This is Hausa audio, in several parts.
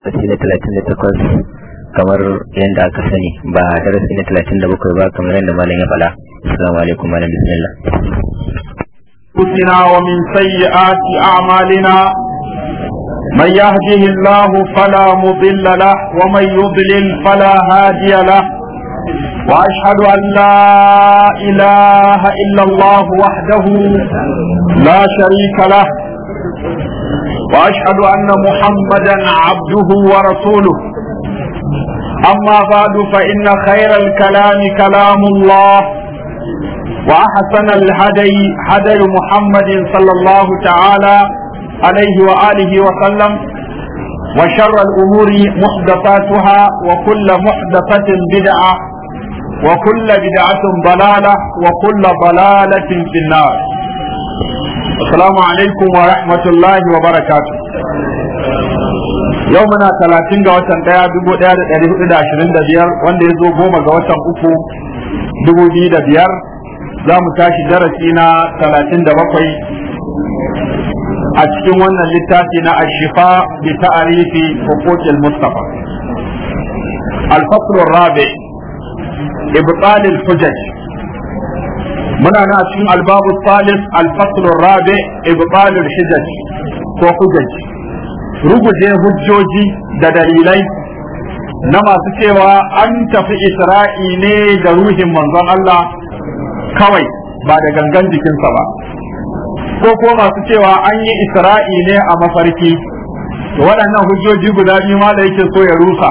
darasi na talatin da takwas kamar yadda aka sani ba darasi na talatin da bakwai ba kamar yadda malam ya fada assalamu alaikum malam bismillah wa min سيئات أعمالنا من يهده الله فلا مضل له ومن يضلل فلا هادي له وأشهد أن لا إله إلا الله وحده لا شريك له واشهد ان محمدا عبده ورسوله اما بعد فان خير الكلام كلام الله واحسن الهدي هدي محمد صلى الله تعالى عليه واله وسلم وشر الامور محدثاتها وكل محدثه بدعه وكل بدعه ضلاله وكل ضلاله في النار Assalamu alaikum wa rahmatullahi wa barakatu. Yau muna talatin ga watan ɗaya dubu ɗaya da ɗari hudu da ashirin da biyar wanda ya zo goma ga watan uku dubu biyu da biyar za mu tashi darasi na talatin da bakwai a cikin wannan littafi na ashifa bi ta'arifi hukukin Mustapha. Al-Faslu muna na cikin albabu salis alfasl rabi ibtal hijaj ko hujaj ruguje hujjoji da dalilai na masu cewa an tafi isra'i ne da ruhin manzon Allah kawai ba da gangan jikinsa ba ko ko masu cewa an yi isra'i ne a mafarki waɗannan hujjoji guda biyu ma da yake so ya rusa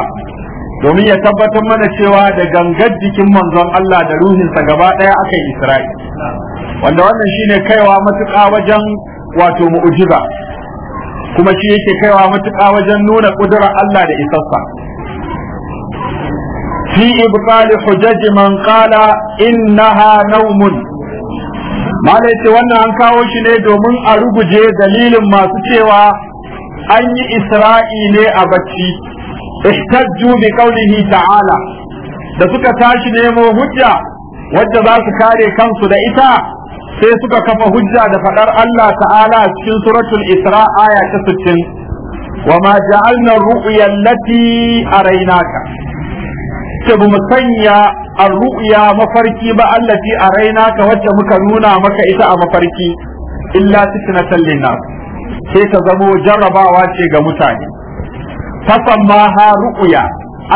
domin ya tabbatar mana cewa da gangar jikin manzon Allah da ruhinsa gaba ɗaya aka yi Isra'i wanda wannan shine kaiwa matuƙa wajen wato mu'jiza kuma shi yake kaiwa matuƙa wajen nuna ƙudurar Allah da isassa fi ibqali ƙala man qala innaha naumun malai ce wannan an kawo shi ne domin a ruguje dalilin masu cewa an yi isra'i ne a bacci ihtajju bi qawlihi ta'ala da suka tashi nemo hujja wadda za su kare kansu da ita sai suka kafa hujja da faɗar Allah ta'ala cikin suratul Isra aya ta 60 wama ja'alna ruya allati araynaka ce bu sanya ar-ru'ya mafarki ba allati araynaka wacce muka nuna maka ita a mafarki illa fitnatan lin sai ta zamo jarrabawa ce ga mutane fasammaha ru'ya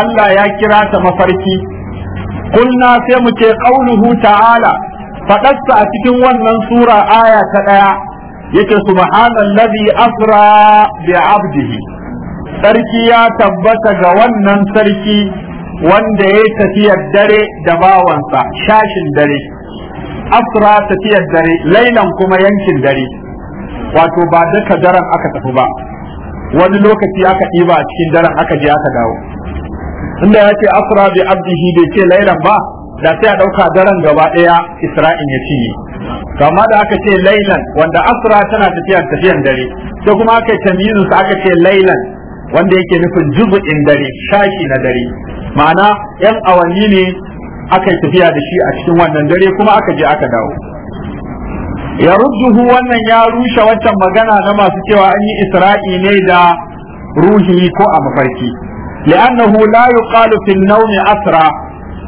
Allah ya kira ta mafarki kulna sai mu ce qauluhu ta'ala faɗarsa a cikin wannan sura aya ta ɗaya yake subhanallazi asra bi abdihi sarki ya tabbata ga wannan sarki wanda ya tafiyar dare da bawansa shashin dare asra tafiyar dare lailan kuma yankin dare wato ba daka daren aka tafi ba wani lokaci aka ɗiba a cikin daren aka je aka dawo inda ya ce asra bi abdihi bai ce lailan ba da sai a ɗauka daren gaba ɗaya isra'in ya cinye kama da aka ce lailan wanda asra tana tafiya tafiyan dare sai kuma aka tamyizu sa aka ce lailan wanda yake nufin juzu'in dare shashi na dare ma'ana yan awanni ne aka yi tafiya da shi a cikin wannan dare kuma aka je aka dawo ya rudduhu wannan ya rushe waccan magana na masu cewa an yi isra'i ne da ruhi ko a mafarki li'annahu la yuqalu fil nawm asra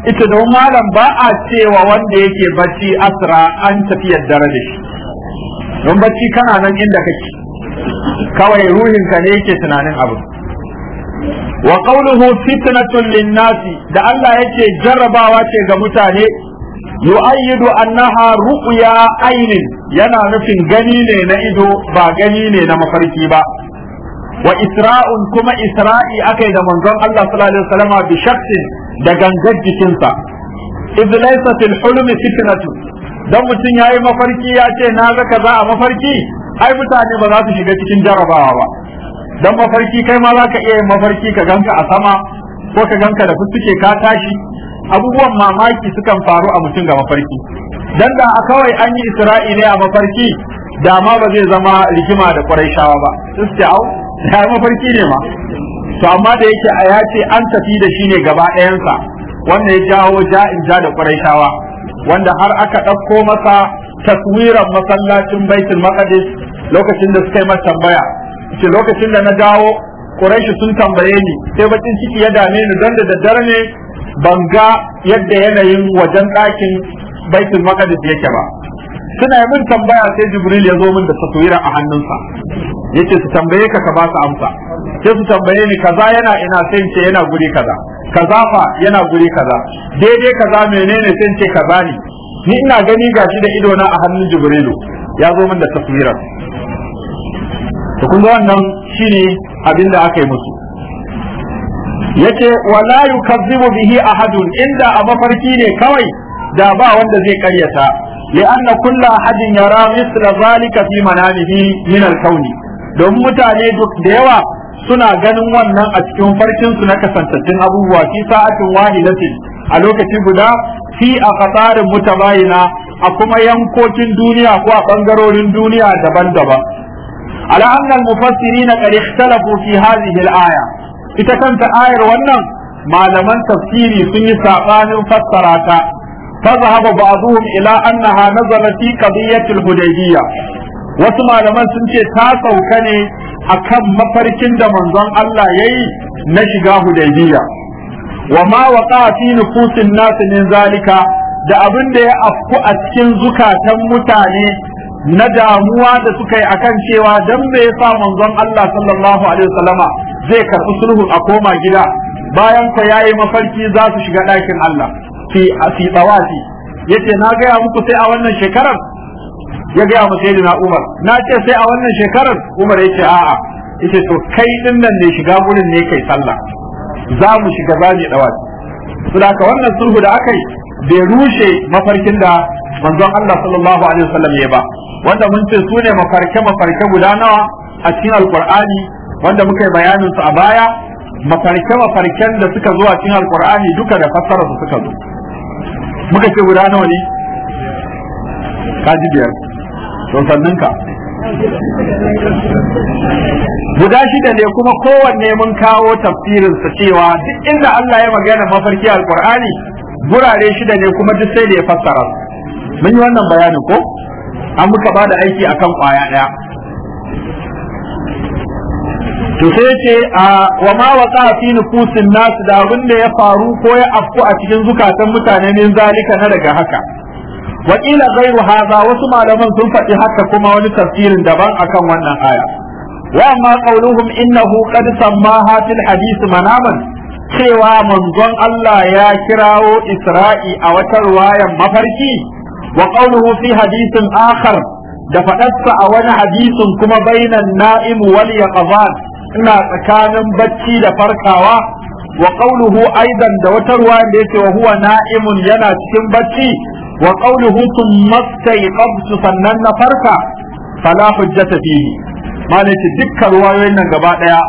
ita don malam ba a cewa wanda yake bacci asra an tafi yaddar da shi don bacci kana nan inda kake kawai ruhin ka ne yake tunanin abu wa qawluhu fitnatun lin-nasi da Allah yake jarrabawa ce ga mutane yu'ayyidu annaha Ru'uya, ainin yana nufin gani ne na ido ba gani ne na mafarki ba wa isra'un kuma isra'i akai da manzon Allah sallallahu alaihi wasallam bi shakhsin da gangar jikinsa iz laysa fil hulmi fitnatu dan mutun yayi mafarki ya ce na ga kaza a mafarki ai mutane ba za su shiga cikin jarabawa ba dan mafarki kai ma za ka iya yin mafarki ka ganka a sama ko ka ganka da fuskuke ka tashi abubuwan mamaki sukan faru a mutum ga mafarki dan da a kawai an yi isra'i a mafarki da ma ba zai zama rigima da quraishawa ba su au mafarki ne ma to amma da yake a yace an tafi da shi ne gaba ɗayansa wanda ya jawo ja'in ja da quraishawa wanda har aka ɗauko masa taswiran masallacin baitul maqdis lokacin da suka yi masa tambaya ce lokacin da na dawo Quraishi sun tambaye ni sai bakin ciki ya dame ni don da daddare ne ban ga yadda yanayin wajen ɗakin baitul maqdis yake ba suna yi min tambaya sai jibril ya zo min da taswira a hannunsa yace su tambaye ka ka ba su amsa sai su tambaye ni kaza yana ina sai ce yana guri kaza kaza fa yana guri kaza daidai kaza menene sai ce kaza ne ni ina gani gashi da ido na a hannun jibrilu ya zo min da taswirar to kun ga wannan shine abin da aka yi musu yace wala yukazzibu bihi ahadun inda a mafarki ne kawai da ba wanda zai karyata li'anna kullu ahadin yara misla zalika fi manamihi min al-kauni don mutane duk da yawa suna ganin wannan a cikin farkin su na kasantattun abubuwa fi sa'atin wahidatin a lokaci guda fi a qatarun mutabayina a kuma yankokin duniya ko a bangarorin duniya daban-daban ala annal mufassirin qad ikhtalafu fi hadhihi al-aya ita kanta ayar wannan malaman tafsiri sun yi sabanin fassara ta ila annaha إلى أنها نزلت في قضية الهديبية wasu malaman sun ce ta sauka ne akan mafarkin da manzon Allah yayi na shiga hudaybiyya wa ma waqa fi nufusin nas min zalika da abin da ya afku a cikin zukatan mutane na damuwa da suka yi akan cewa dan me yasa manzon Allah sallallahu alaihi wasallama zai karɓi sulhun a koma gida bayan ku yayi mafarki za su shiga ɗakin Allah fi fi tawafi yace na gaya muku sai a wannan shekarar ya gaya mu na Umar na ce sai a wannan shekarar Umar yace a'a yace to kai din nan ne shiga gurin ne kai sallah za mu shiga za mu dawaci ka wannan sulhu da aka yi bai rushe mafarkin da manzon Allah sallallahu alaihi wasallam ya ba wanda mun ce su ne mafarke mafarke guda nawa a cikin alqur'ani wanda muka yi bayanin su a baya mafarke mafarken da suka zuwa cikin alqur'ani duka da fassara su suka zo muka ce guda nawa ne kaji biyar to guda shida ne kuma kowanne mun kawo tafsirin sa cewa duk inda Allah ya magana mafarki alkur'ani gurare shida ne kuma duk sai da ya fassara mun yi wannan bayanin ko an muka ba da aiki akan kwaya daya to sai ce a wa ma waqa fi nufusin nasu da abin da ya faru ko ya afku a cikin zukatan mutane ne zalika na daga haka wa qila ghayru hadha wasu malaman sun faɗi haka kuma wani tafsirin daban akan wannan aya wa ma qawluhum innahu qad sammaha fil hadith manaman cewa manzon Allah ya kirawo Isra'i a wata ruwayan mafarki wa qawluhu fi hadithin akhar da faɗarsa a wani hadisin kuma bainan na'imu wal yaqzan ina tsakanin bacci da farkawa wa qawluhu aidan da wata ruwa da yake wa huwa na'imun yana cikin bacci wa qawluhu thumma istayqabtu sannan na farka fala hujjata fihi malaki dukkan ruwayoyin nan gaba daya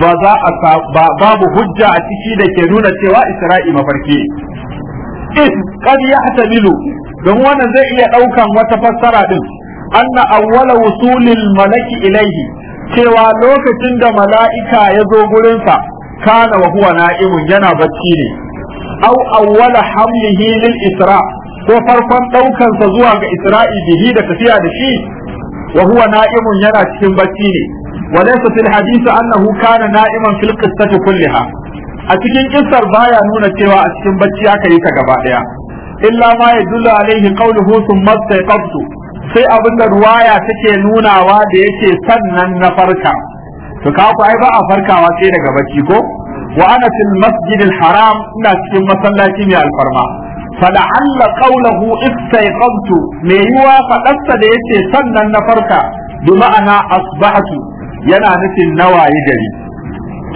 ba za a babu hujja a ciki da ke nuna cewa isra'i mafarki in qad yahtamilu don wannan zai iya daukan wata fassara din anna awwala wusulil malaki ilaihi cewa lokacin da mala'ika ya zo gurinsa kana wa huwa na'imun yana bacci ne au awwala hamlihi lil isra ko farkon ɗaukansa zuwa ga isra'i bihi da tafiya da shi wa huwa na'imun yana cikin bacci ne wa laysa fil hadisu annahu kana na'iman fil qissati kulliha a cikin kissar baya nuna cewa a cikin bacci aka yi ta gaba ɗaya illa ma ya yadullu alaihi qawluhu thumma istayqabtu sai abin da ruwaya take nunawa da yake sannan na farka to ka ku ai ba a farkawa sai daga bacci ko wa ana fil masjid al haram ina cikin masallaci mai alfarma alla qawluhu istayqamtu me yuwa dasta da yace sannan na farka bi ma'ana asbahtu yana nufin nawayi gari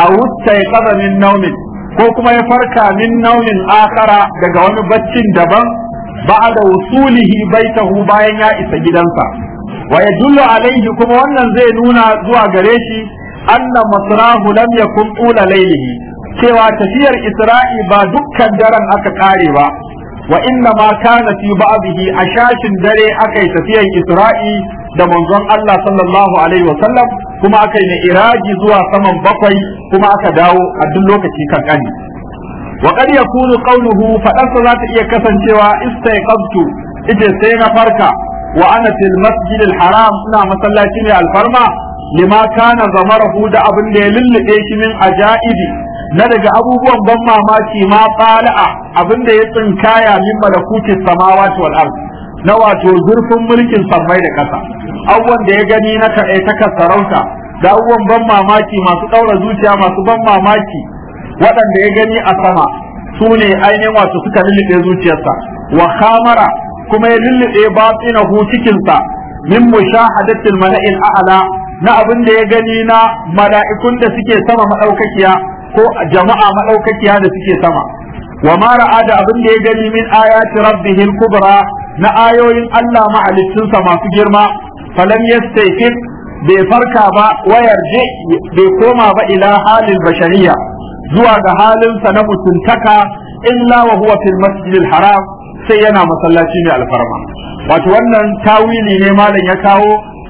aw istayqadha min nawmin ko kuma ya farka min naumin akara daga wani baccin daban Ba'a ba'da wusulihi baitahu bayan ya isa gidansa wa yadullu alaihi kuma wannan zai nuna zuwa gare shi Allah masrahu lam yakun tula laylihi cewa tafiyar isra'i ba dukkan daren aka kare ba wa inna ma kana fi ba'dihi a sashin dare akayi tafiyar isra'i da manzon Allah sallallahu alaihi wa kuma akayi yi iraji zuwa saman bakwai kuma aka dawo a duk lokaci kan kani wa qad yakunu faɗarsa fadarsa za ta iya kasancewa istayqabtu ite sai na farka wa ana haram suna masallaci ne alfarma lima kana zamarahu da abin da ya lullube shi min ajaibi na daga abubuwan ban mamaki ma tsala'a abin da ya tsinkaya min malakuti samawati wal ardh na wato zurfin mulkin sammai da ƙasa abubuwan da ya gani na kaɗai ta sarauta da abubuwan ban mamaki masu ɗaura zuciya masu ban mamaki waɗanda ya gani a sama su ne ainihin wato suka lullube zuciyarsa wa khamara kuma ya lullube batinahu cikinsa min mushahadatil mala'il a'la na abin da ya gani na mala'ikun da suke sama madaukakiya ko jama'a madaukakiya da suke sama wa ma ra'a da abin da ya gani min ayati rabbihil kubra na ayoyin Allah ma'alicinsa masu girma falam yastayqib bai farka ba wayar je bai koma ba ila halin bashariya zuwa ga halinsa na mutuntaka in lawa huwa fil masjidil haram sai yana masallaci mai alfarma wato wannan tawili ne malam ya kawo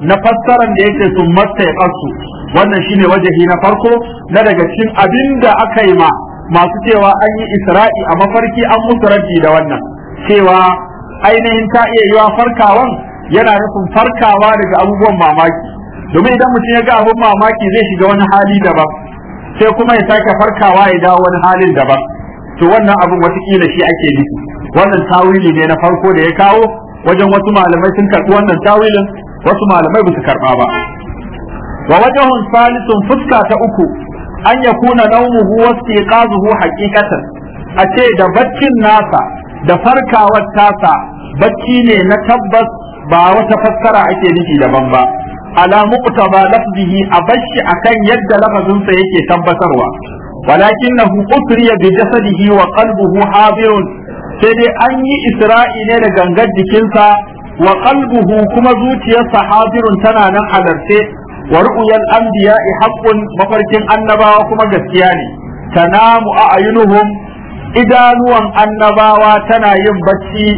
na fassaran da yake sun masta ya wannan shine wajahi na farko na daga cikin abinda aka yi ma masu cewa an yi isra'i a mafarki an musu rabbi da wannan cewa ainihin ta iya yiwa farkawan yana nufin farkawa daga abubuwan mamaki domin idan mutum ya ga abin mamaki zai shiga wani hali daban sai kuma ya sake farkawa ya dawo wani halin daban to wannan abin watakila shi ake nufi wannan tawili ne na farko da ya kawo wajen wasu malamai sun karɓi wannan tawilin wasu malamai ba su karɓa ba wa wajahun salisun fuska ta uku an ya yakuna naumuhu wastiqazuhu haqiqatan a ce da baccin nasa da farkawar tasa bacci ne na tabbas ba wata fassara ake nufi daban ba ala muqtaba lafzihi a akan yadda lafazinsa yake tabbatarwa walakinahu usriya bi jasadihi wa qalbuhu hadirun sai dai an yi isra'i ne da gangar jikinsa wa qalbuhu kuma zuciyarsa hadirun tana nan halarce wa ru'yal anbiya'i haqqun mafarkin annabawa kuma gaskiya ne tanamu a ayunuhum idanuwan annabawa tana yin bacci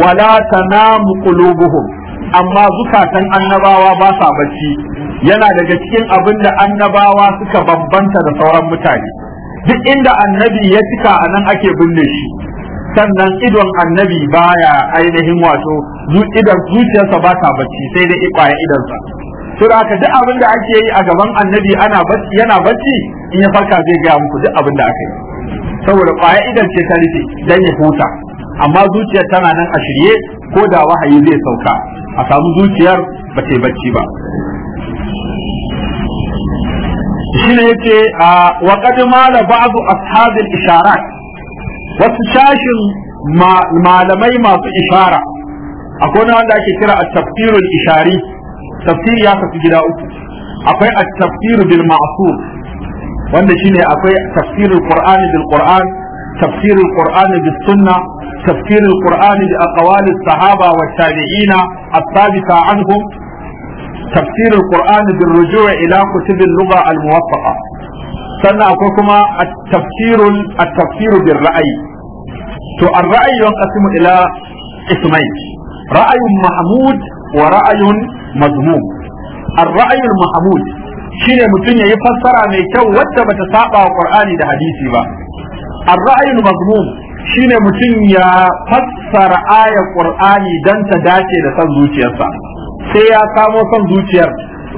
wala tanamu qulubuhum amma zukatan annabawa ba sa bacci yana daga cikin abinda annabawa suka bambanta da sauran mutane duk inda annabi ya cika a nan ake binne shi sannan idon annabi baya ainihin wato idan zuciyarsa ba ta bacci sai dai ikwaye idansa sai aka duk abin ake yi a gaban annabi ana bacci yana bacci in ya farka zai gaya muku duk abin da aka yi saboda kwaya idan ce ta dan ya huta amma zuciyar tana nan a shirye ko da wahayi zai sauka a samu zuciyar ba ta bacci ba shine yace a wa qad mala ba'du ashabil ishara wasu shashin malamai masu ishara akwai na wanda ake kira a tafsirin ishari tafsiri ya kafi gida uku akwai a tafsirin bil ma'sur wanda shine akwai tafsirin qur'ani bil qur'an tafsirin qur'ani bis sunna تفسير القرآن بأقوال الصحابة والتابعين الثابتة عنهم تفسير القرآن بالرجوع إلى كتب اللغة الموفقة سنة akwai التفسير التفسير بالرأي تو الرأي ينقسم إلى اسمين رأي محمود ورأي مذموم الرأي المحمود شيء mutum يفسر عن fassara وتبت القرآن ده حديثي بقى الرأي المذموم shine mutum ya fassara ayar qur'ani dan ta dace da san zuciyarsa sai ya samo san zuciyar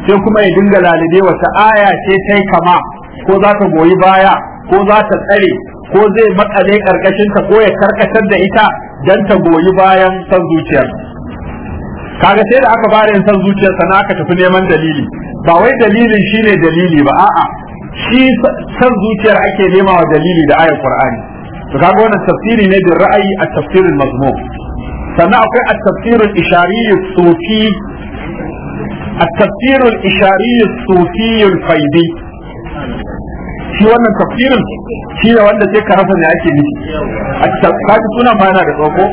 sai kuma ya dinga lalube wata aya ce tai kama ko za ta goyi baya ko za ta tsare ko zai makale ta, ko ya karkatar da ita dan ta goyi bayan san zuciyar kaga sai da aka fara yin san zuciyar sana aka tafi neman dalili ba wai dalilin shine dalili ba a'a shi san zuciyar ake nema wa dalili da ayar qur'ani to kaga wannan tafsiri ne da ra'ayi a tafsirin mazmum sannan akwai a tafsirin ishari sufi a tafsirin ishari sufi faidi shi wannan tafsirin shi ne wanda sai ka rasa ne ake nufi kaji sunan ma yana da tsoko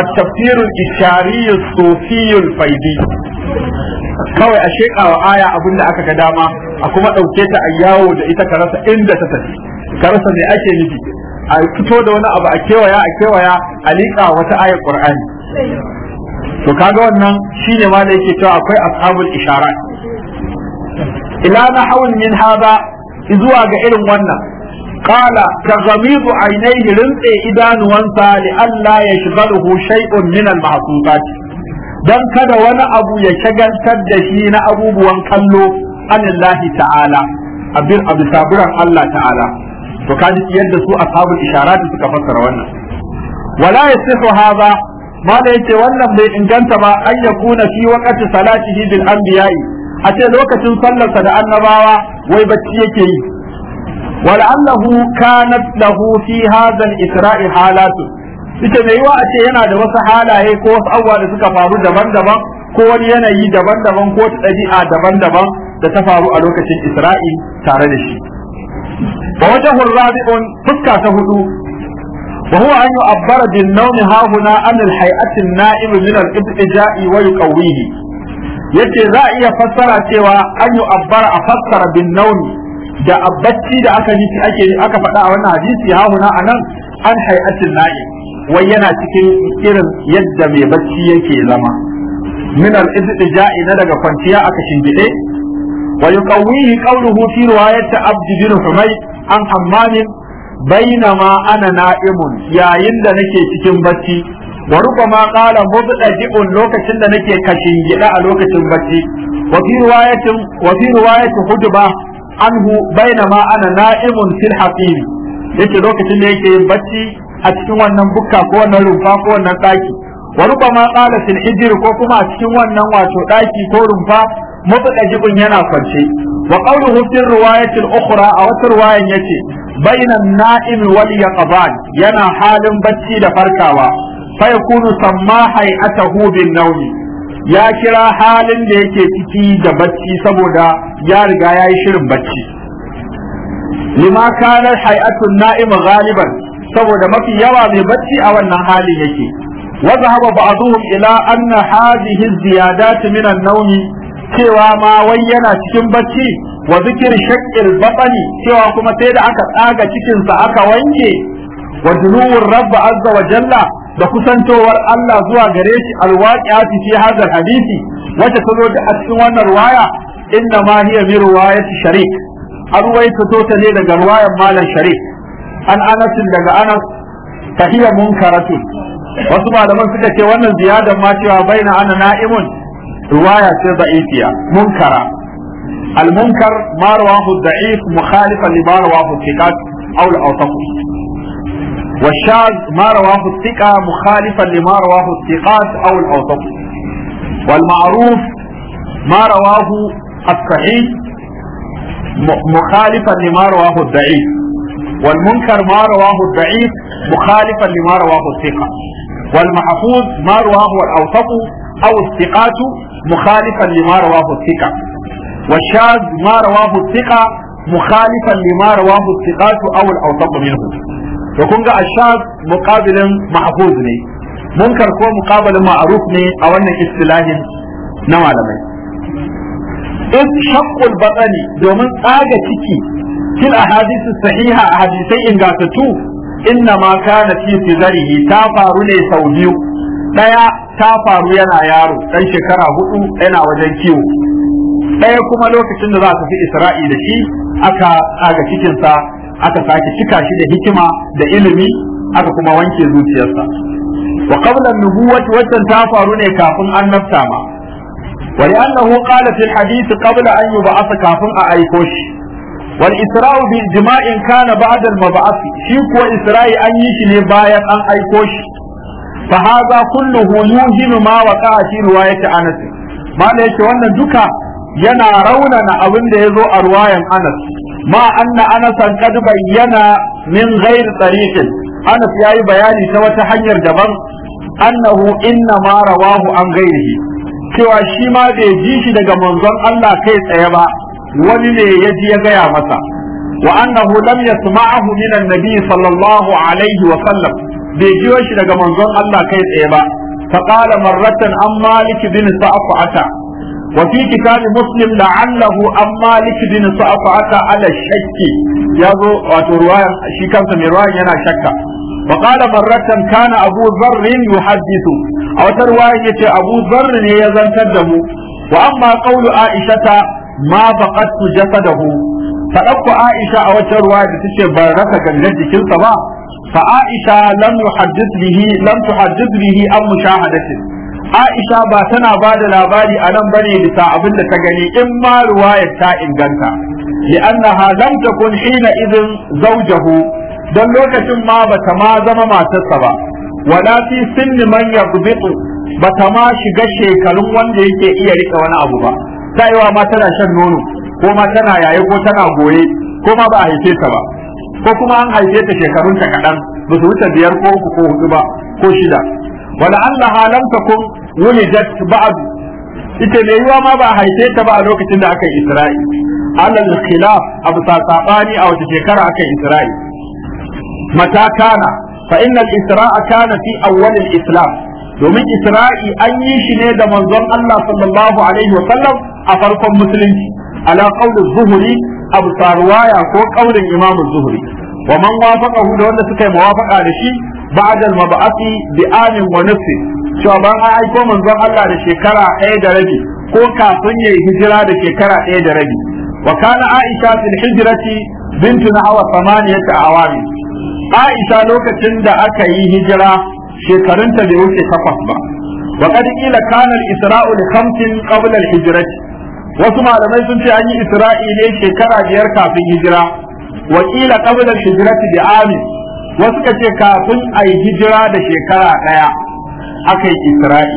a tafsirin ishari sufi faidi kawai a shekawa aya abin da aka ga dama a kuma ɗauke ta a yawo da ita ka rasa inda ta tafi ka rasa me ake nufi a fito da wani abu a kewaya a kewaya a liƙa wata ayar ƙur'ani to kaga wannan shine ma da yake cewa akwai ashabul isharat ila nahawin min hada zuwa ga irin wannan qala ka zamidu ainihi rinse idanuwansa li Allah ya shigaluhu shay'un min al dan kada wani abu ya shagaltar da shi na abubuwan kallo anillahi ta'ala abin abu Allah ta'ala to kaji yadda su ashabul isharat suka fassara wannan wala yasihu hadha ma da yace wannan bai inganta ba an yakuna fi waqti salatihi bil anbiya'i a ce lokacin sallarsa da annabawa wai bacci yake yi wal'allahu kanat lahu fi hadha al-isra'i halatu ita mai yiwa a ce yana da wasu halaye ko wasu awwa da suka faru daban-daban ko wani yanayi daban-daban ko ɗabi'a daban-daban da ta faru a lokacin isra'i tare da shi wa wajhu rabi'un fuska ta hudu wa huwa an yu'abbara bin nawmi ha huna an al hay'ati an na'im min al ibtija'i wa yace za a iya fassara cewa an yu'abbara a fassara bin nawmi da bacci da aka yi ake aka faɗa a wannan hadisi ha huna nan, an hay'atin na'im wai yana cikin irin yadda mai bacci yake zama min al-ibtija'i na daga kwanciya aka shingide wa yuqawwihi qawluhu fi riwayat abd bin humay an hammam bainama ana na'imun yayin da nake cikin bacci wa rubama qala mubdaji'un lokacin da nake kashin gida a lokacin bacci wa fi riwayatin wa fi riwayatin hujba anhu ana na'imun fil hafiz yake lokacin da yake bacci a cikin wannan bukka ko wannan rumfa ko wannan daki wa rubama qala fil hijr ko kuma a cikin wannan wato ɗaki ko rumfa mafadajibin yana kwance wa qawluhu fi riwayatil ukhra a wata riwayan yace bainan na'im wal yaqban yana halin bacci da farkawa fa yakunu samma hay'atahu bin nawmi ya kira halin da yake ciki da bacci saboda ya riga yayi shirin bacci lima kana hay'atun na'im ghaliban saboda mafi yawa mai bacci a wannan halin yake وذهب بعضهم إلى أن هذه الزيادات من النوم cewa ma wai yana cikin bacci wa zikir shaqqil batani cewa kuma sai da aka tsaga cikin sa aka wanke wa duluwur rabb azza wa jalla da kusantowar Allah zuwa gare shi alwaqi'ati fi hadha hadisi wace ta zo a cikin wannan waya. inna ma hiya bi riwayati sharik an shari? ta ne daga ruwayan malam sharik an anas daga anas tahiya munkaratun wasu malaman suka ce wannan ziyadan ma cewa baina ana na'imun رواية ضعيفية منكرة المنكر ما رواه الضعيف مخالفا لما رواه الثقات أو الأوثق والشاذ ما رواه الثقة مخالفا لما رواه الثقات أو الأوثق والمعروف ما رواه الصحيح مخالفا لما رواه الضعيف والمنكر ما رواه الضعيف مخالفا لما رواه الثقة والمحفوظ ما رواه الأوثق أو الثقات مخالفا لما رواه الثقة والشاذ ما رواه الثقة مخالفا لما رواه الثقات أو الأوثق منه وكون الشاذ مقابل محفوظ لي منكر كو مقابل معروف لي أو أن اصطلاح نوع لمن إذ شق البطن دومن آجة تكي في الأحاديث الصحيحة أحاديثي إن قاتتو إنما كان في صدره تافارني سوديو ɗaya ta faru yana yaro dan shekara hudu yana wajen kiwo ɗaya kuma lokacin da za a fi isra'i da shi aka aga cikinsa aka sake cika shi da hikima da ilimi aka kuma wanke zuciyarsa wa qabla nubuwati wannan ta faru ne kafin annabta ma wa li'annahu qala fil hadith qabla an yub'ath kafin a aiko shi wal isra'u bil jima'in kana ba'da al mab'ath shi kuwa isra'i an yi shi ne bayan an aiko shi fa hadha kulluhu yuhinu ma waqa'a fi riwayati Anas mala yake wannan duka yana raunana abin da ya zo a riwayan Anas ma anna Anas kad bayyana min ghairi tariqin Anas ya yi bayani ta wata hanyar daban annahu inna ma rawahu an ghairihi cewa shi ma bai ji shi daga manzon Allah kai tsaye ba wani ne ya ji ya gaya masa wa annahu lam yasma'ahu min annabi sallallahu alaihi wa sallam bai jiwa shi daga manzon Allah kai tsaye ba faqala marratan an malik bin sa'af ata wa fi kitab muslim la'allahu an malik bin sa'af ata ala shakki yazo wato ruwayan shi kansa mai ruwayan yana shakka wa qala marratan kana abu dharr yuhaddithu a wata ruwayan yace abu dharr ne ya zantar da mu wa amma qawlu aishata ma baqattu jasadahu fa dakku aisha a wata ruwaya da tace ban rasa gangan jikinsa ba فعائشة لم يحدث به لم تحدث به عن مشاهدته عائشة با تنا بعد لاباري أنا بني بتاع أبن تجني إما رواية تائم جنتا لأنها لم تكن حينئذ زوجه دل لوكة ما زم ما تصبا ولا في سن من يضبط بتما شغشي كلم وان يكي إيا لك وانا أبو با تايوا ما تنا شنونو وما ko يا tana yaye ko tana goye ko ma ba a ko kuma an haife ta shekarun ta kaɗan ba su wuce biyar ko uku ko hudu ba ko shida wala Allah halam ta kun wulidat ba'd ita ne yiwa ma ba haife ta ba a lokacin da aka yi Allah alal khilaf abu sa sabani a wata shekara aka yi Isra'i mata kana fa innal isra'a kana fi awwal islam domin Isra'i an yi shi ne da manzon Allah sallallahu alaihi wa sallam a farkon musulunci ala qawli zuhuri abu ruwaya ko kaulin Imam Zuhri wa man wafaqahu da wanda suka yi muwafaqa da shi ba'da al-mab'ati bi amin wa nafsi cewa ban an aiko manzon Allah da shekara ɗaya da rabi ko kafin ya yi hijira da shekara ɗaya da rabi wa kana Aisha fil hijrati bintu nahwa ta awami Aisha lokacin da aka yi hijira shekarunta bai wuce takwas ba wa qad qila kana al-isra'u li khamsin qabla al-hijrati wasu malamai sun ce an yi isra'i shekara biyar kafin hijira wakila qabla hijrati bi ami wasu ka ce kafin ai hijira da shekara daya akai isra'i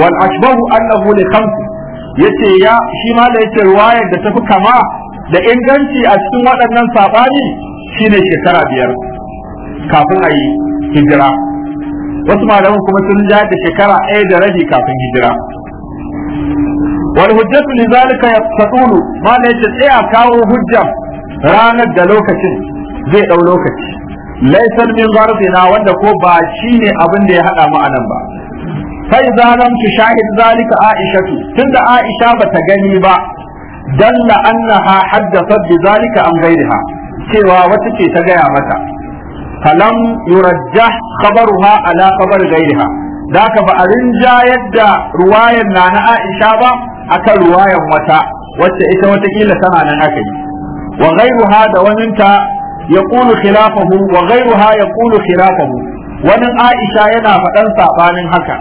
wal ashbahu annahu li khamsi yace ya shi ma da yace riwayar da tafi kama da inganci a cikin waɗannan sabani shine shekara biyar kafin ai hijira wasu malamai kuma sun ja da shekara ɗaya da rabi kafin hijira wal hujjatu li zalika ya ma la yace sai a kawo hujja ranar da lokacin zai ɗau lokaci laysa min na wanda ko ba shi ne abin da ya haɗa mu anan ba sai zalam tu shahid zalika aisha tunda aisha bata gani ba dalla annaha haddathat bi zalika am ghayriha cewa wata ce ta gaya mata falam yurajjah khabaruha ala khabar ghayriha daka ba a rinjayar da ruwayar na na Aisha ba akan ruwayan wata wacce ita watakila tana nan aka yi wa da waninta yaqulu khilafahu wa ghairuha yaqulu khilafahu wani Aisha yana faɗan sabanin haka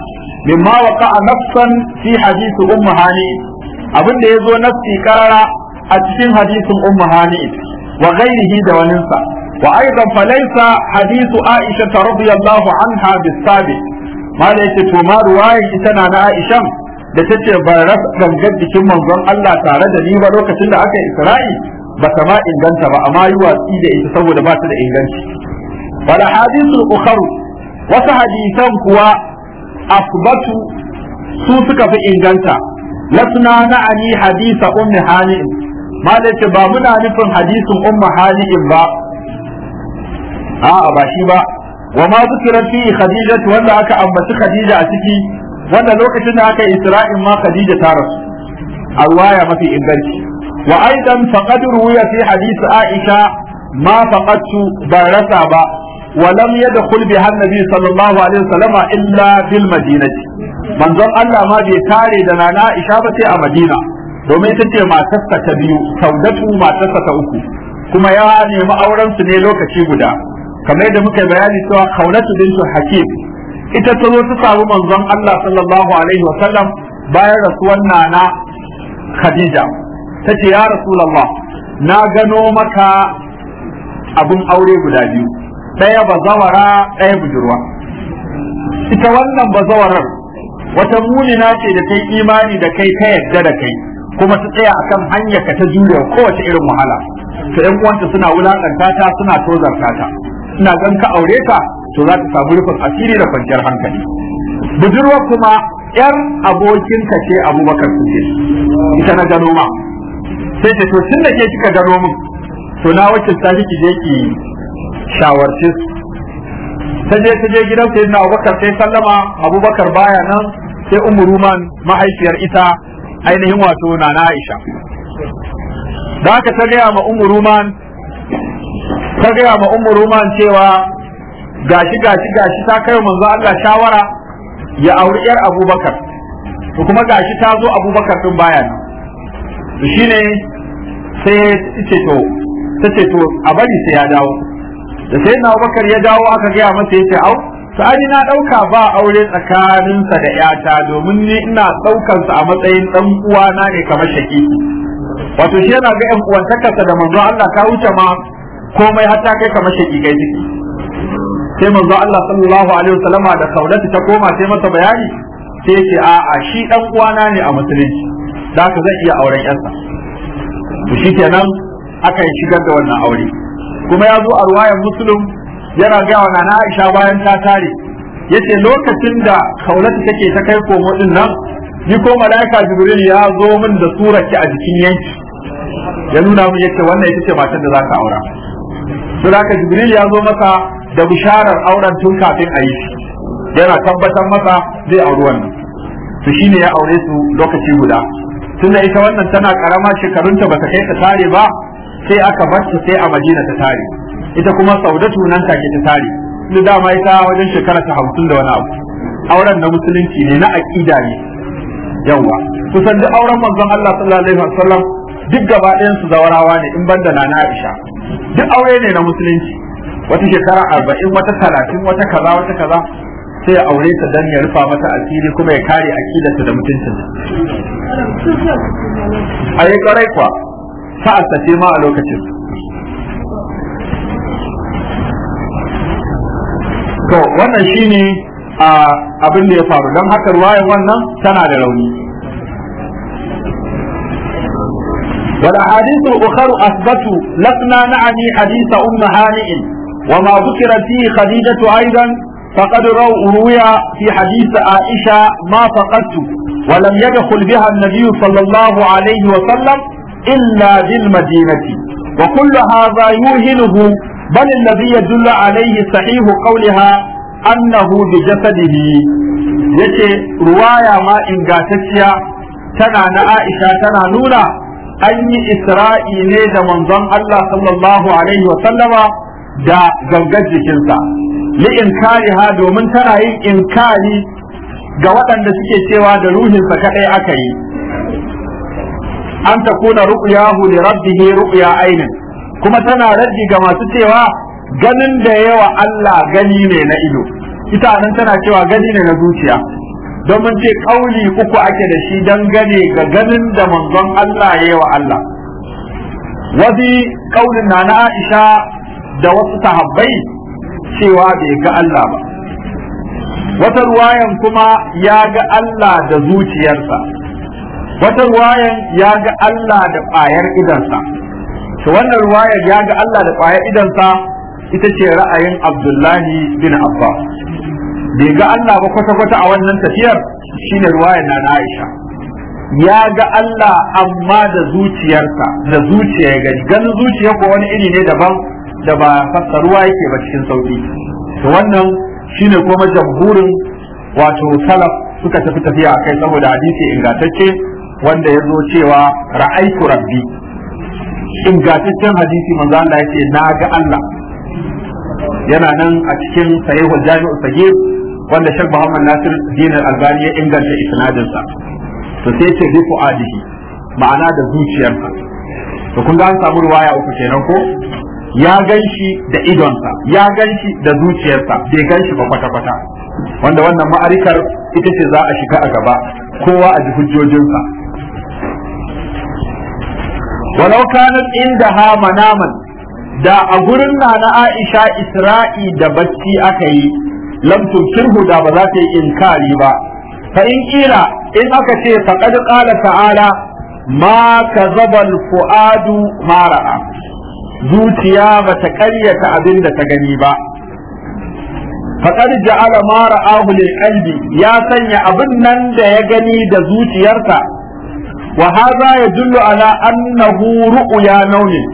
mimma waqa'a nafsan fi hadisi ummu hani abin da yazo nafsi karara a cikin hadisin ummu hani wa ghairihi da waninsa wa aidan falaysa hadisu Aisha radiyallahu anha bis sabiq ma da yake to ma ita na na da ta ce ba rasa gangar jikin manzon Allah tare da ni ba lokacin da aka yi Isra'i ba ta ma inganta ba amma yi watsi da ita saboda ba ta da inganci wala hadisul ukharu wasu hadisan kuwa asbatu su suka fi inganta lasna na'ani hadisa ummi hani'in malaka ba muna nufin hadisin ummi hani'in ba a'a ba shi ba wa ma zikira fi khadijatu wanda aka ambaci khadija a ciki wanda lokacin da aka isra'in ma khadija ta rasu a ruwaya mafi inganci wa aidan faqad ruwiya fi hadith aisha ma faqadtu ba rasa ba wa lam yadkhul biha annabi sallallahu alaihi wasallama illa bil madinati manzon Allah ma bai kare da nana aisha ba sai a madina domin ita ce matarsa ta biyu saudatu matarsa ta uku kuma ya nemi auren su ne lokaci guda kamar yadda muka bayani cewa kaunatu bintu hakim ita ta zo ta samu manzon Allah sallallahu alaihi wa sallam bayan rasuwan nana Khadija ta ce ya Rasulullah na gano maka abun aure guda biyu ɗaya bazawara ɗaya budurwa ita wannan bazawarar wata munina ce da ta imani da kai ta yadda da kai kuma ta tsaya akan hanyar ka ta jure kowace irin wahala ta yan uwanta suna wulakanta ta suna tozarta ta ina gan ka aure ka to za ka samu rufin asiri da kwanciyar hankali budurwa kuma abokin ka ce abubakar suke ita na gano ma sai ce to tun da ke kika gano min to na wacce ta ki je ki shawarci su ta je ta je gidan sai na abubakar sai sallama abubakar baya nan sai ummu ruman mahaifiyar ita ainihin wato na na aisha da haka ta gaya ma ummu ruman ta gaya ma ummu ruman cewa gashi gashi gashi ta kai manzo Allah shawara ya auri yar Abubakar to kuma gashi ta zo Abubakar din baya nan to shine sai ce to to a bari sai ya dawo da sai na Abubakar ya dawo aka gaya masa yace au sa'ani na dauka ba aure tsakaninsa da yata domin ni ina daukar sa a matsayin dan na ne kamar shaki wato shi yana ga yan uwantakarsa da manzo Allah ka wuce ma komai hatta kai kamar shaki kai ciki sai manzo Allah sallallahu alaihi wasallama da kaulati ta koma sai masa bayani sai ce a a shi dan uwana ne a musulunci da ka zai iya auren yarsa to shikenan aka yi shigar da wannan aure kuma ya zo a ruwayan muslim yana ga wa nana Aisha bayan ta tare yace lokacin da kaulati take ta kai komo din nan ni ko malaika jibril ya zo min da surarki a jikin yanki ya nuna min yace wannan ita ce matar da zaka aura to ka jibril ya zo maka. da bisharar auren tun kafin a yi shi yana tabbatar masa zai auri wannan to ne ya aure su lokaci guda tunda ita wannan tana karama shekarunta ta kai ta tare ba sai aka bar ta sai a Madina ta tare ita kuma Saudatu nan ke ta tare da dama ita wajen shekara ta hamsin da wani abu auren na musulunci ne na aqida ne yawa kusan duk auren manzon Allah sallallahu alaihi wasallam duk gaba ɗayan su zawarawa ne in banda na Aisha duk aure ne na musulunci wata shekara arba'in wata talatin wata kaza wata kaza sai ya aure ta dan ya rufa mata asiri kuma ya kare akidarta da mutuncin a yi kwarai kwa sa'arsa ce ma a lokacin to wannan shine a abin da ya faru don haka ruwayan wannan tana da rauni والأحاديث الأخر أثبتوا لسنا نعني حديث أم هانئ وما ذكر فيه خديجة أيضا فقد روي في حديث عائشة ما فقدت ولم يدخل بها النبي صلى الله عليه وسلم إلا بالمدينة وكل هذا يوهنه بل الذي يدل عليه صحيح قولها أنه بجسده yace ruwaya ma ingantacciya tana na Aisha tana nuna an yi Isra'i ne da manzon Allah sallallahu alaihi wa sallama da gangar jikinsa li inkari ha domin tana yin inkari ga waɗanda suke cewa da ruhinsa kaɗai aka yi an ta kuna ru'yahu li rabbihi ru'ya ainin kuma tana raddi ga masu cewa ganin da yawa Allah gani ne na ido ita nan tana cewa gani ne na zuciya don mun ce kauli uku ake da shi gane ga ganin da manzon Allah ya wa Allah wadi kaulin na na Aisha da wasu sahabbai cewa bai ga Allah ba wata ruwayan kuma ya ga Allah da zuciyarsa wata ruwayan ya ga Allah da ƙwayar idansa to wannan ruwayar ya ga Allah da ƙwayar idansa ita ce ra'ayin Abdullahi bin Abbas bai ga Allah ba kwata-kwata a wannan tafiyar shine ruwayar na Aisha ya ga Allah amma da zuciyarsa da zuciya ya gani ganin zuciya ko wani iri ne daban da ba ruwa yake ba cikin sauki to wannan shine kuma jamhurin wato salaf suka tafi tafiya a kai saboda hadisi ingantacce wanda ya zo cewa ra'aitu rabbi ingantaccen hadisi manzo Allah yake na ga Allah yana nan a cikin sahihul jami'u sahih wanda Sheikh Muhammad Nasir Din Albani ya inganta isnadin sa to sai ce bi fuadihi ma'ana da zuciyarsa to kun ga an samu riwaya uku kenan ko ya ganshi da idonsa ya ganshi da zuciyarsa bai ganshi ba kwata-kwata wanda wannan ma'arikar ita ce za a shiga a gaba kowa a ji hujjojinsa walau inda ha manaman da a gurin na na Aisha Isra'i da bacci aka yi lamtun tumkirhu da ba za ta yi inkari ba fa in kila in aka ce faqad qala ta'ala ma kazaba al-fuadu ma ra'a zuciya ba ta abin da ta gani ba faƙar ja'ala mara ahulil kalbi ya sanya abin nan da ya gani da zuciyarsa wa haza ya jullu ala annahu ya naumin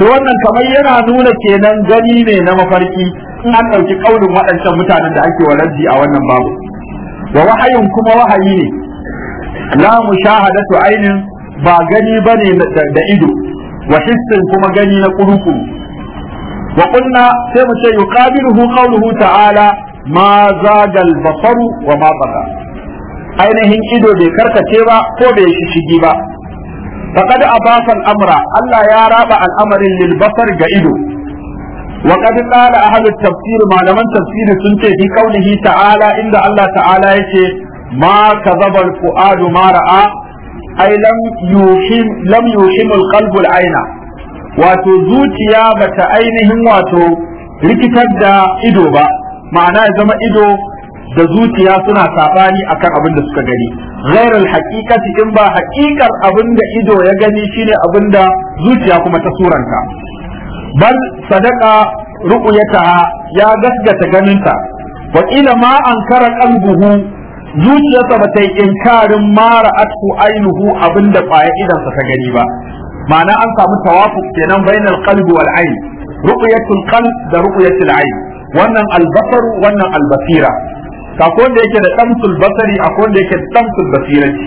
to wannan kamar yana nuna kenan gani ne na mafarki in an ɗauki ƙaunin waɗancan mutanen da ake wa a wannan babu wa wahayin kuma wahayi ne la mushahadatu ainin ba gani bane da ido wa hissin kuma gani na kurukuru wa kunna sai mu ce yuqabiluhu qawluhu ta'ala ma zagal basaru wa ma baqa ainihin ido bai karkace ba ko bai shishigi ba faqad abasan amra Allah ya raba al'amarin lil basar ga ido wa qad qala ahli malaman tafsir sun ce fi qawlihi ta'ala inda Allah ta'ala yake ma kadhaba al fuadu ma ai lam yuhim lam aina wato zuciya bata ainihin wato rikitar da ido ba ma'ana ya zama ido da zuciya suna sabani akan abin da suka gani ghairul haqiqati in ba haqiqar abin da ido ya gani shine abin da zuciya kuma ta suranta bal sadaka ru'yataha ya gasgata ta, wa ila ma ankara qalbuhu zuciyarsa ba ta yi inkarin mara atku ainihu abinda kwaya idansa ta gani ba ma'ana an samu tawafuq kenan bainal qalbi wal ayn ru'yatul qalb da ru'yatul ayn wannan albasaru wannan albasira akwai wanda yake da damsul basari akwai wanda yake da damsul basirati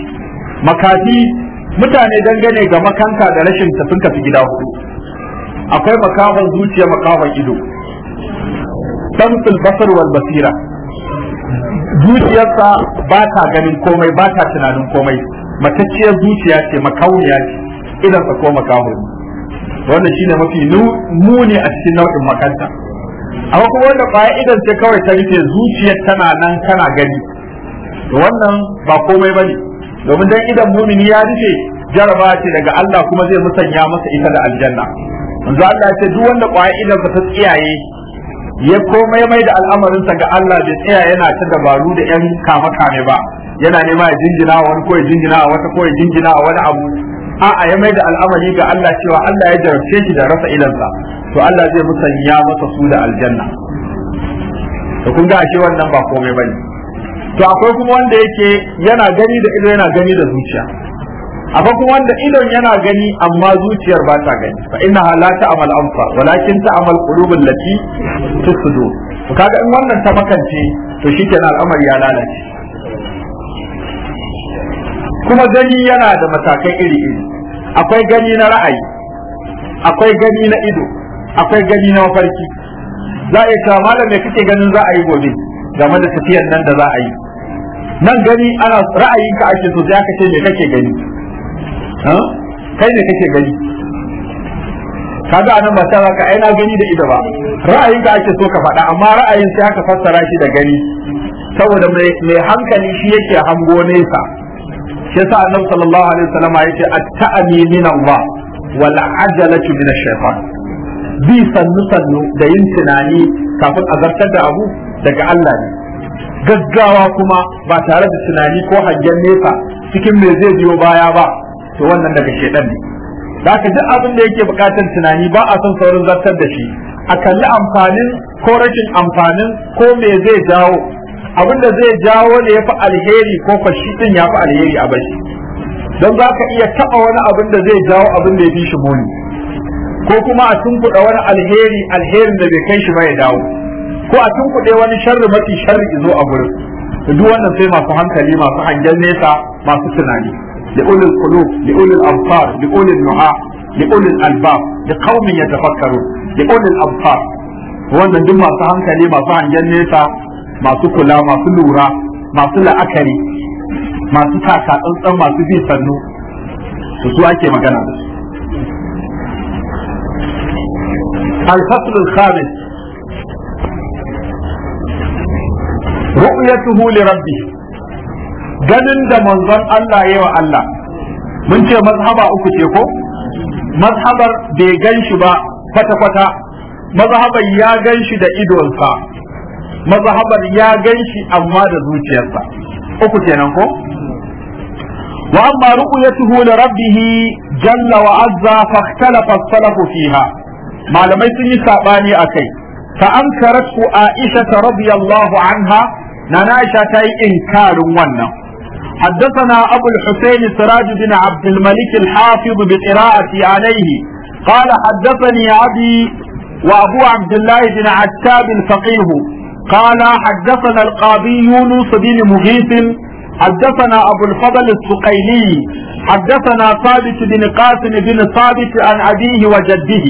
makafi mutane dangane ga makanka da rashin tafin tafi gida hudu akwai makawan zuciya makawan ido damsul basar wal basira zuciyarsa ba ta ganin komai ba ta tunanin komai matacciyar zuciya ce makauniya ce idan sa ko makaho wannan shine mafi muni a cikin nau'in makanta amma kuma wanda ba idan ce kawai ta rufe zuciyar tana nan kana gani wannan ba komai bane domin dan idan mumini ya rufe jaraba ce daga Allah kuma zai musanya masa ita da aljanna manzo Allah ya ce duk wanda ƙwaya idan ta tsiyaye ya komai mai da al'amarinsa ga Allah bai tsaya yana ta dabaru da yan kama kame ba yana nema ya jingina a wani ko ya jingina a wata ko ya jingina a wani abu a'a ya mai da al'amari ga Allah cewa Allah ya jarabce shi da rasa ilansa to Allah zai musanya masa su da aljanna to kun ga shi wannan ba komai bane to akwai kuma wanda yake yana gani da ido yana gani da zuciya akwai kuma wanda idon yana gani amma zuciyar ba ta gani fa inna la ta'mal anfa walakin ta'mal qulubul lati tusudu kaga in wannan ta makance to na al'amari ya lalace kuma gani yana da matakai iri iri akwai gani na ra'ayi akwai gani na ido akwai gani na mafarki za a yi malam me kake ganin za a yi gobe game da tafiyar nan da za a yi nan gani ana ra'ayinka ake so sai aka ce me kake gani kai ne kake gani kaga anan ba ta ka aina gani da ita ba ra'ayin ka ake so ka faɗa amma ra'ayin sai haka fassara shi da gani saboda mai hankali shi yake hango nesa shi yasa annabi sallallahu alaihi wasallam yake at-ta'mi min Allah wal ajalatu min ash-shaytan bi sannu sannu da yin tunani kafin a zartar da abu daga Allah ne gaggawa kuma ba tare da tunani ko hangen nesa cikin me zai biyo baya ba to wannan daga shedan ne zaka duk abin da yake bukatar tunani ba a son saurin zartar da shi a kalli amfanin ko rashin amfanin ko me zai jawo abin da zai jawo ne yafi alheri ko fashi din yafi alheri a bashi don za ka iya taɓa wani abin da zai jawo abin da ya fi shi muni ko kuma a tunkuɗa wani alheri alherin da bai kai shi ba ya dawo ko a tunkuɗe wani sharri mafi sharri zo a gurin duk wannan sai masu hankali masu hangen nesa masu tunani لأولي القلوب لأولي الأبصار لأولي النعاء لأولي الألباب لقوم يتفكرون لأولي الأبصار وأن دم ماسو هنكلي ماسو عن جنيسا ماسو كلا ماسو لورا ماسو لأكري ماسو تاكا أنصر ماسو في سنو تسوى كي مكان الفصل الخامس رؤيته لربه ganin da manzon Allah ya wa Allah mun ce mazhaba uku ce ko mazhabar bai gan shi ba kwata-kwata mazhabar ya gan shi da idonsa mazhabar ya gan shi amma da zuciyarsa uku kenan ko wa amma ru'yatuhu li rabbih jalla wa azza fa ikhtalafa as-salaf fiha malamai sun yi sabani akai fa ankarat Aisha radiyallahu anha nana Aisha ta yi inkarin wannan حدثنا أبو الحسين سراج بن عبد الملك الحافظ بقراءة عليه قال حدثني أبي وأبو عبد الله بن عتاب الفقيه قال حدثنا القاضي يونس بن مغيث حدثنا أبو الفضل السقيلي حدثنا ثابت بن قاسم بن ثابت عن أبيه وجده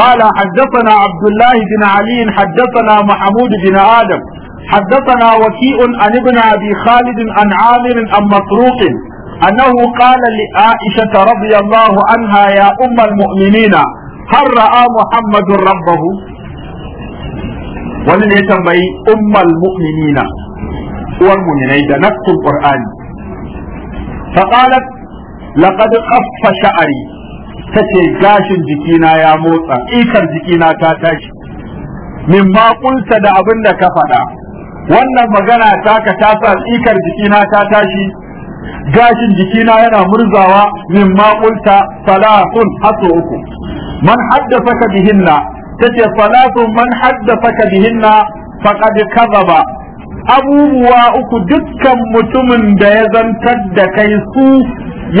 قال حدثنا عبد الله بن علي حدثنا محمود بن آدم حدثنا وكيء عن ابن أبي خالد عن عامر عن مسروق أنه قال لعائشة رضي الله عنها يا أم المؤمنين هل رأى محمد ربه wannan ya tambayi ummal mu'minina uwar mu'minai da nassul qur'ani fa qalat laqad qaffa sha'ri tace gashin jikina ya motsa ikar jikina ta tashi mimma da abin da ka faɗa wannan magana taka ta sa tsikar jikina ta tashi gashin jikina yana murzawa min maƙulta salatun haso uku man haddasaka bihinna tace salatun man haddasaka bihinna faqad kadhaba abubuwa uku dukkan mutumin da ya zantar da kai su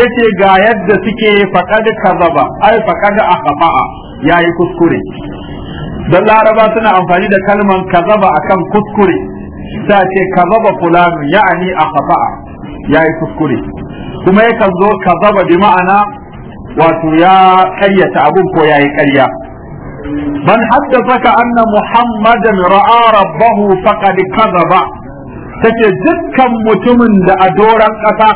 yace ga yadda suke faqad kadhaba ai faqad ahfa'a yayi kuskure dan laraba suna amfani da kalman kazaba akan kuskure ta ka kazaba fulanu ya'ani a kafa'a ya yi kuskure kuma yakan zo kazaba bi ma'ana wato ya karyata abun ko ya yi karya man haddathaka anna muhammadan ra'a rabbahu faqad kazaba take dukkan mutumin da a doran kasa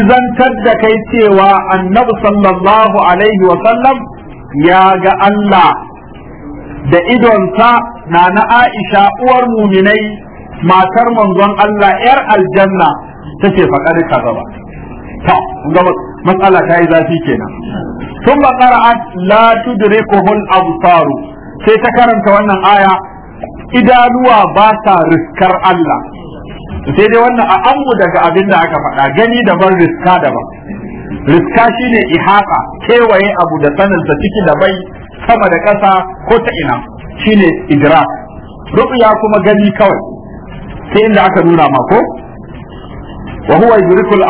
izantar da kai cewa annabi sallallahu alaihi wa sallam ya ga Allah da idonsa na na Aisha uwar muminai matar manzon Allah yar aljanna tace faɗar kazaba to ga matsala ta yi zafi kenan sun ba qara'at la tudrikuhu hul absar sai ta karanta wannan aya idanuwa ba sa riskar Allah sai dai wannan a daga abin da aka faɗa gani daban riska daban riska shine ihata kewaye abu da saninsa ciki da bai sama da ƙasa ko ta ina shine idrak ruqya kuma gani kawai sai inda aka nuna ma ko wa huwa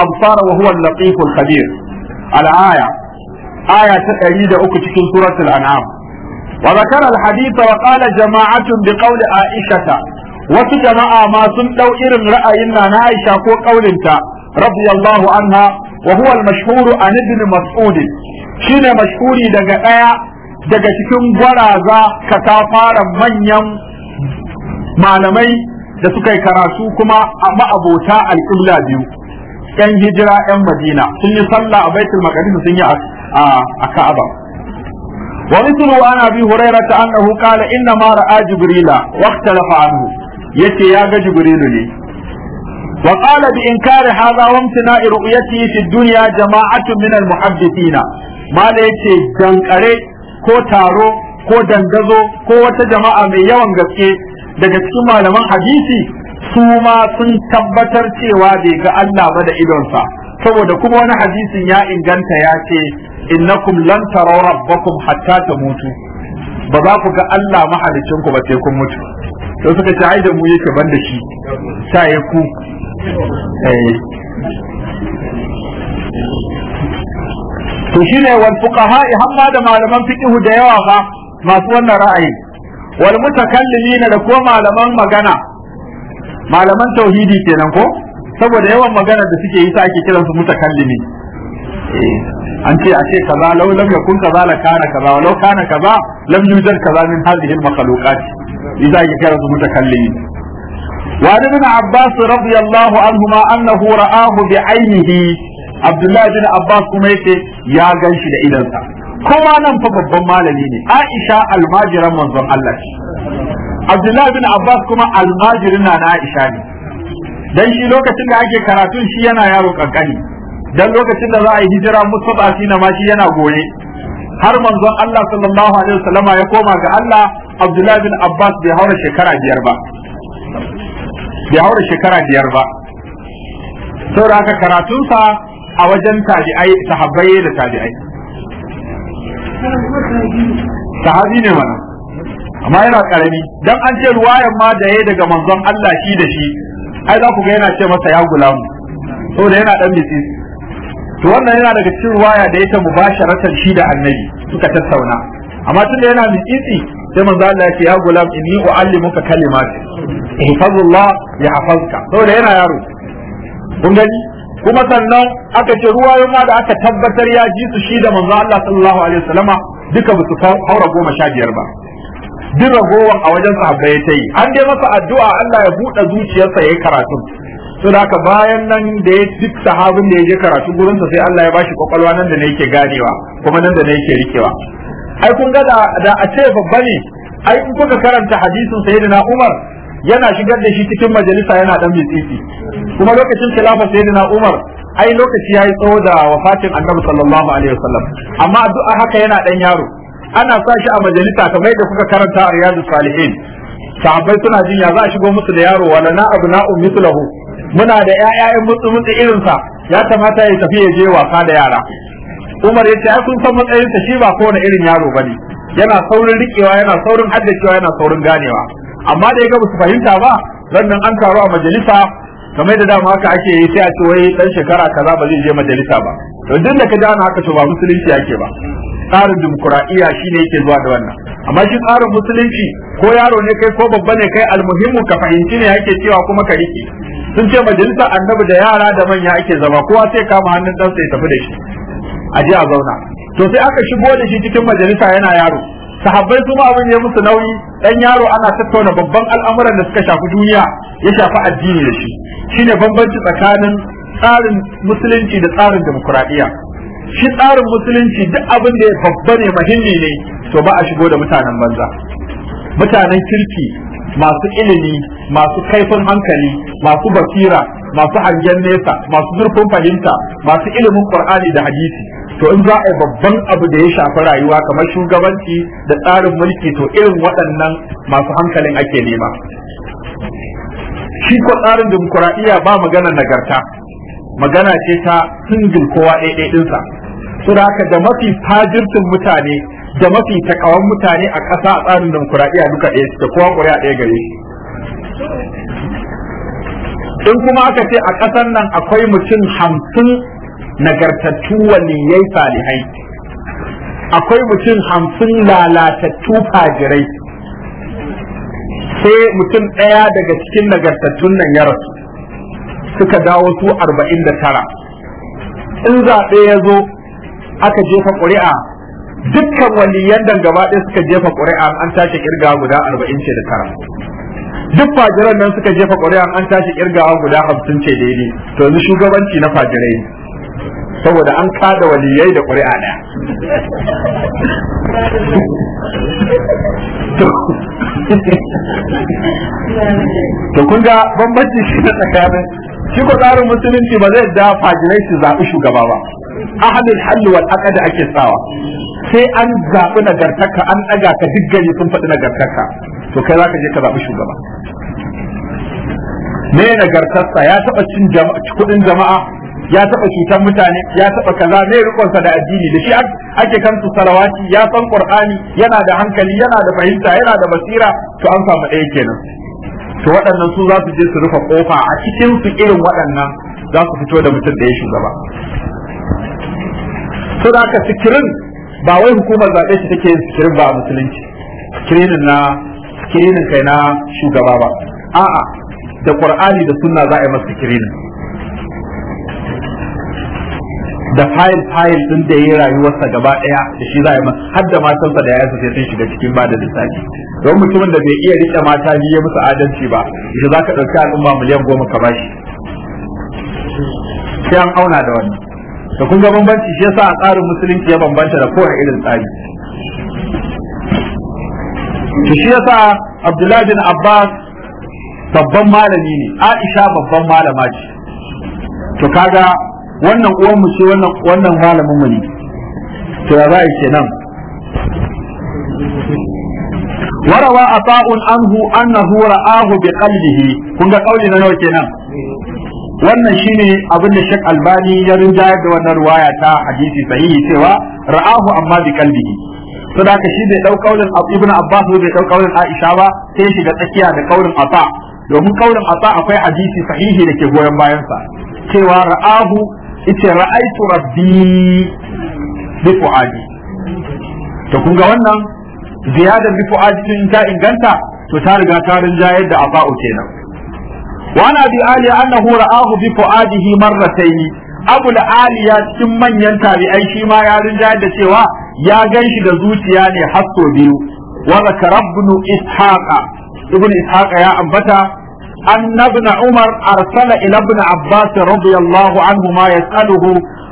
absar wa huwa al khabir al-aya aya ta 103 cikin suratul an'am wa zakara al-hadith wa qala jama'atun bi qawli aisha wasu jama'a ma sun dau irin ra'ayin na Aisha ko kaulinta radiyallahu anha wa huwa al-mashhur an ibn mas'ud shine mashhuri daga daya daga cikin gwaraza ka ta fara manyan malamai da suka yi karatu kuma a ma'abota alƙibla biyu yan hijira yan madina sun yi sallah a baitul maqdis sun yi a ka'aba wa mithlu ana abi hurairah ta annahu qala inna ma ra'a jibrila wa ikhtalafa anhu yace ya ga jibrilu ne wa qala bi inkari hadha wa imtina'i ru'yati fi dunya jama'atun min al muhaddithina mala yace dankare ko taro ko dangazo ko wata jama'a mai yawan gaske daga cikin malaman hadisi su ma sun tabbatar cewa bai ga Allah ba da idonsa saboda kuma wani hadisin ya inganta ya ce innakum lan taraw rabbakum hatta tamutu ba za ku ga Allah mahalicin ku ba sai kun mutu to suka ce ai da mu yake ban shi Ta yi ku eh. to shine wal fuqaha hamma da malaman fiqh da yawa ba masu wannan ra'ayi wal mutakallimina da ko malaman magana malaman tauhidi kenan ko saboda yawan magana da suke yi sa ake kiran su mutakallimi eh, an ce a ce kaza law lam yakun kaza la kana kaza walau kana kaza lam yujad kaza min hadhihi al makhluqat idza ake kiran su mutakallimi wa ibn abbas radiyallahu anhuma annahu ra'ahu bi ainihi, abdullah bin abbas kuma yace ya ganshi da sa. kowa nan fa babban malami ne Aisha almajiran manzon Allah ce Abdullahi bin Abbas kuma almajirin na Aisha ne dan shi lokacin da ake karatun shi yana yaro kankani dan lokacin da za a yi hijira Mustafa Sina ma shi yana goye har manzon Allah sallallahu alaihi wasallama ya koma ga Allah Abdullahi bin Abbas bai haura shekara biyar ba bai haura shekara biyar ba saboda haka karatunsa a wajen tabi'ai sahabbai da tabi'ai sahabi ne mana amma yana karami dan an ce ruwayan ma da yayi daga manzon Allah shi da shi ai za ku ga yana ce masa ya gulamu saboda yana dan bisis to wannan yana daga cikin ruwaya da yake mubasharatan shi da annabi suka tattauna amma tunda yana mitsitsi sai manzo Allah ya ce ya gulam inni uallimuka kalimat ihfazullah yahfazka saboda yana yaro kun gani kuma sannan aka ce ruwa ma da aka tabbatar ya ji su shi da manzo Allah sallallahu alaihi wasallama duka ba su haura goma sha biyar ba duk ragowar a wajen sahabbai ta yi an dai masa addu'a Allah ya buɗe zuciyarsa ya yi karatu to da haka bayan nan da ya duk sahabin da ya je karatu gurinsa sai Allah ya bashi kwakwalwa nan da ne yake ganewa kuma nan da ne yake rikewa ai kun ga da a ce babba ne ai in kuka karanta hadisin sayyidina Umar yana shigar da shi cikin majalisa yana dan bitsitsi kuma lokacin khilafa sayyidina Umar ai lokaci yayi tsawo da wafatin Annabi sallallahu alaihi wasallam amma addu'a haka yana dan yaro ana sa shi a majalisa kamar da kuka karanta a Riyadus Salihin sahabbai suna jin ya za a shigo musu da yaro wala na abu na'u um mislahu muna da ƴaƴayen mutsu mutsu irinsa ya kamata ya tafi ya je wasa da yara Umar ya ce ai kun san matsayinsa shi ba kowane irin yaro bane yana saurin riƙewa. yana saurin haddacewa yana saurin ganewa amma da ya su fahimta ba sannan an taru a majalisa kamar da dama haka ake yi sai a ce wai dan shekara kaza ba zai je majalisa ba to duk da ka ji ana haka to ba musulunci yake ba tsarin dimokuraɗiyya shine yake zuwa da wannan amma shi tsarin musulunci ko yaro ne kai ko babba ne kai almuhimmu ka fahimci ne yake cewa kuma ka riƙe sun ce majalisa annabi da yara da manya ake zama kowa sai kama hannun dan sai tafi da shi a je a zauna to sai aka shigo da shi cikin majalisa yana yaro sahabbai su ma abin ya musu nauyi dan yaro ana tattauna babban al'amuran da suka shafi duniya ya shafi addini da shi shine bambanci tsakanin tsarin musulunci da tsarin demokuraɗiyya shi tsarin musulunci duk abin da ya babba ne muhimmi ne to ba a shigo da mutanen banza mutanen kirki masu ilimi masu kaifin hankali masu basira masu hangen nesa masu zurfin fahimta masu ilimin qur'ani da hadisi to in za a yi babban abu da ya shafi rayuwa kamar shugabanci da tsarin mulki to irin waɗannan masu hankalin ake nema shi ko tsarin dimokuraɗiyya ba magana nagarta magana ce ta singil kowa ɗaya ɗinsa su da haka da mafi fajirtin mutane da mafi takawan mutane a ƙasa a tsarin dimokuraɗiyya duka ɗaya da kowa ƙuri'a ɗaya gare in kuma aka ce a ƙasar nan akwai mutum hamsin nagartattu waliyai salihai akwai mutum hamsin lalatattu fajirai sai mutum ɗaya daga cikin nagartattun nan ya rasu suka dawo su arba'in da tara in zaɓe ya zo aka jefa ƙuri'a dukkan waliyan dan gaba ɗaya suka jefa ƙuri'a an tashi ƙirga guda arba'in ce da tara duk fajiran nan suka jefa ƙuri'a an tashi kirgawa guda hamsin ce daidai to yanzu shugabanci na fajirai saboda an kada waliyai da ƙuri'a ɗaya to kun ga bambanci shi na tsakanin shi ko tsarin musulunci ba zai da fajirai su zaɓi shugaba ba ahalul hallu wal da ake sawa sai an zaɓi nagartaka an ɗaga ka duk gari sun faɗi nagartaka to kai za ka je ka zaɓi shugaba me nagartarsa ya taɓa cin kuɗin jama'a ya taɓa cutar mutane ya taba kaza mai rikonsa da addini da shi ake kansu salawati ya san qur'ani yana da hankali yana da fahimta yana da basira to an samu ɗaya kenan to waɗannan su za su je su rufe kofa a cikin su irin waɗannan za su fito da mutum da ya shugaba to da haka sikirin ba wai hukumar zaɓe shi take yin sikirin ba a musulunci sikirinin na sikirinin kai na shugaba ba a'a da qur'ani da sunna za a yi masa sikirinin da fayil fayil din da yayi rayuwarsa gaba daya da shi za a har da matansa da yayansa sai sun shiga cikin ba da lissafi don mutumin da bai iya rike mata ya musu adalci ba shi za ka ɗauki al'umma miliyan goma ka bashi sai an auna da wani da kun ga bambanci shi yasa a tsarin musulunci ya bambanta da kowane irin tsari to shi yasa Abdullahi bin Abbas babban malami ne Aisha babban malama ce to kaga wannan uwan mu ce wannan wannan malamin mu ne to ya za'i kenan warawa ata'un anhu annahu ra'ahu bi qalbihi kun ga kauli na nawa kenan wannan shine abin da Sheikh Albani ya rinjayar da wannan ruwaya ta hadisi sahihi cewa ra'ahu amma bi qalbihi to da shi bai dau kaulin Ibn Abbas bai dau kaulin Aisha ba sai shiga tsakiya da kaulin Ata domin kaulin Ata akwai hadisi sahihi da ke goyon bayan sa cewa ra'ahu ita ra'aitu rabbi bi fu'adi to kun ga wannan ziyadar bi fu'adi din ta inganta to ta riga ta rinjayar da afa'u kenan wa ana bi aliya annahu ra'ahu bi fu'adihi marratayn Ali ya cikin manyan tabi'ai shi ma ya rinjayar da cewa ya ganshi da zuciya ne hasso biyu wa zakarabnu ishaqa ibnu ishaqa ya ambata أن ابن عمر أرسل إلى ابن عباس رضي الله عنهما يسأله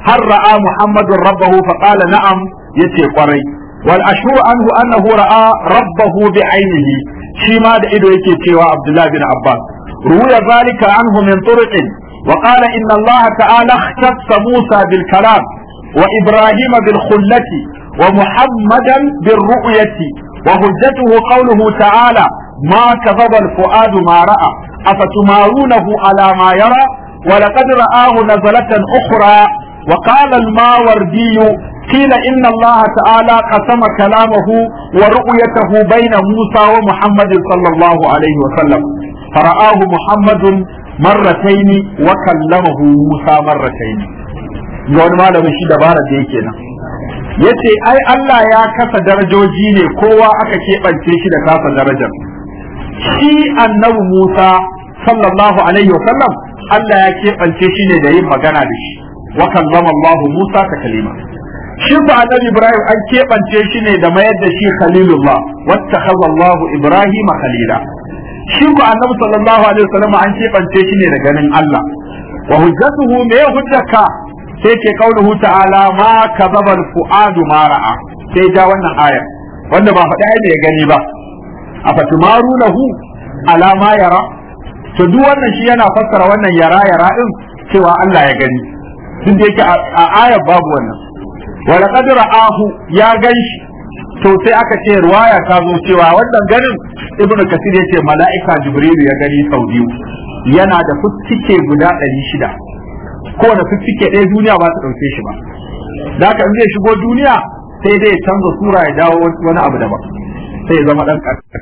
هل رأى محمد ربه فقال نعم يتي قري والأشهر عنه أنه رأى ربه بعينه شما إدو يتي تيوى عبد الله بن عباس روي ذلك عنه من طرق وقال إن الله تعالى اختص موسى بالكلام وإبراهيم بالخلة ومحمدا بالرؤية وهجته قوله تعالى ما كذب الفؤاد ما رأى أفتمارونه على ما يرى ولقد رآه نزلة أخرى وقال الماوردي قيل إن الله تعالى قسم كلامه ورؤيته بين موسى ومحمد صلى الله عليه وسلم فرآه محمد مرتين وكلمه موسى مرتين wani malamin shi dabara da yake nan ya ce ai Allah ya kasa darajoji ne kowa aka keɓance shi da kasa darajar shi annabi Musa sallallahu alaihi wa sallam Allah ya keɓance shi ne da yin magana da shi wa kallama Allah Musa ta kalima shi ko annabi Ibrahim an keɓance shi ne da mayar da shi khalilullah wattakhadha Allah Ibrahim khalila shi ko annabi sallallahu alaihi wa sallam an keɓance shi ne da ganin Allah wa hujjatuhu me hujjaka sai ke kauluhu ta'ala ma kadhaba al-fuadu ma ra'a sai ja wannan aya. wanda ba faɗa ne ya gani ba a fatumaru lahu alama yara to duk wannan shi yana fassara wannan yara yara din cewa Allah ya gani duk da yake a ayar babu wannan wala qadra ahu ya ganshi to sai aka ce ruwaya ta zo cewa wannan ganin ibnu kasir yace mala'ika jibril ya gani sau biyu yana da fuskike guda ɗari shida da fuskike ɗaya duniya ba ta ɗauke shi ba da ka in zai shigo duniya sai dai canza sura ya dawo wani abu daban sai ya zama ɗan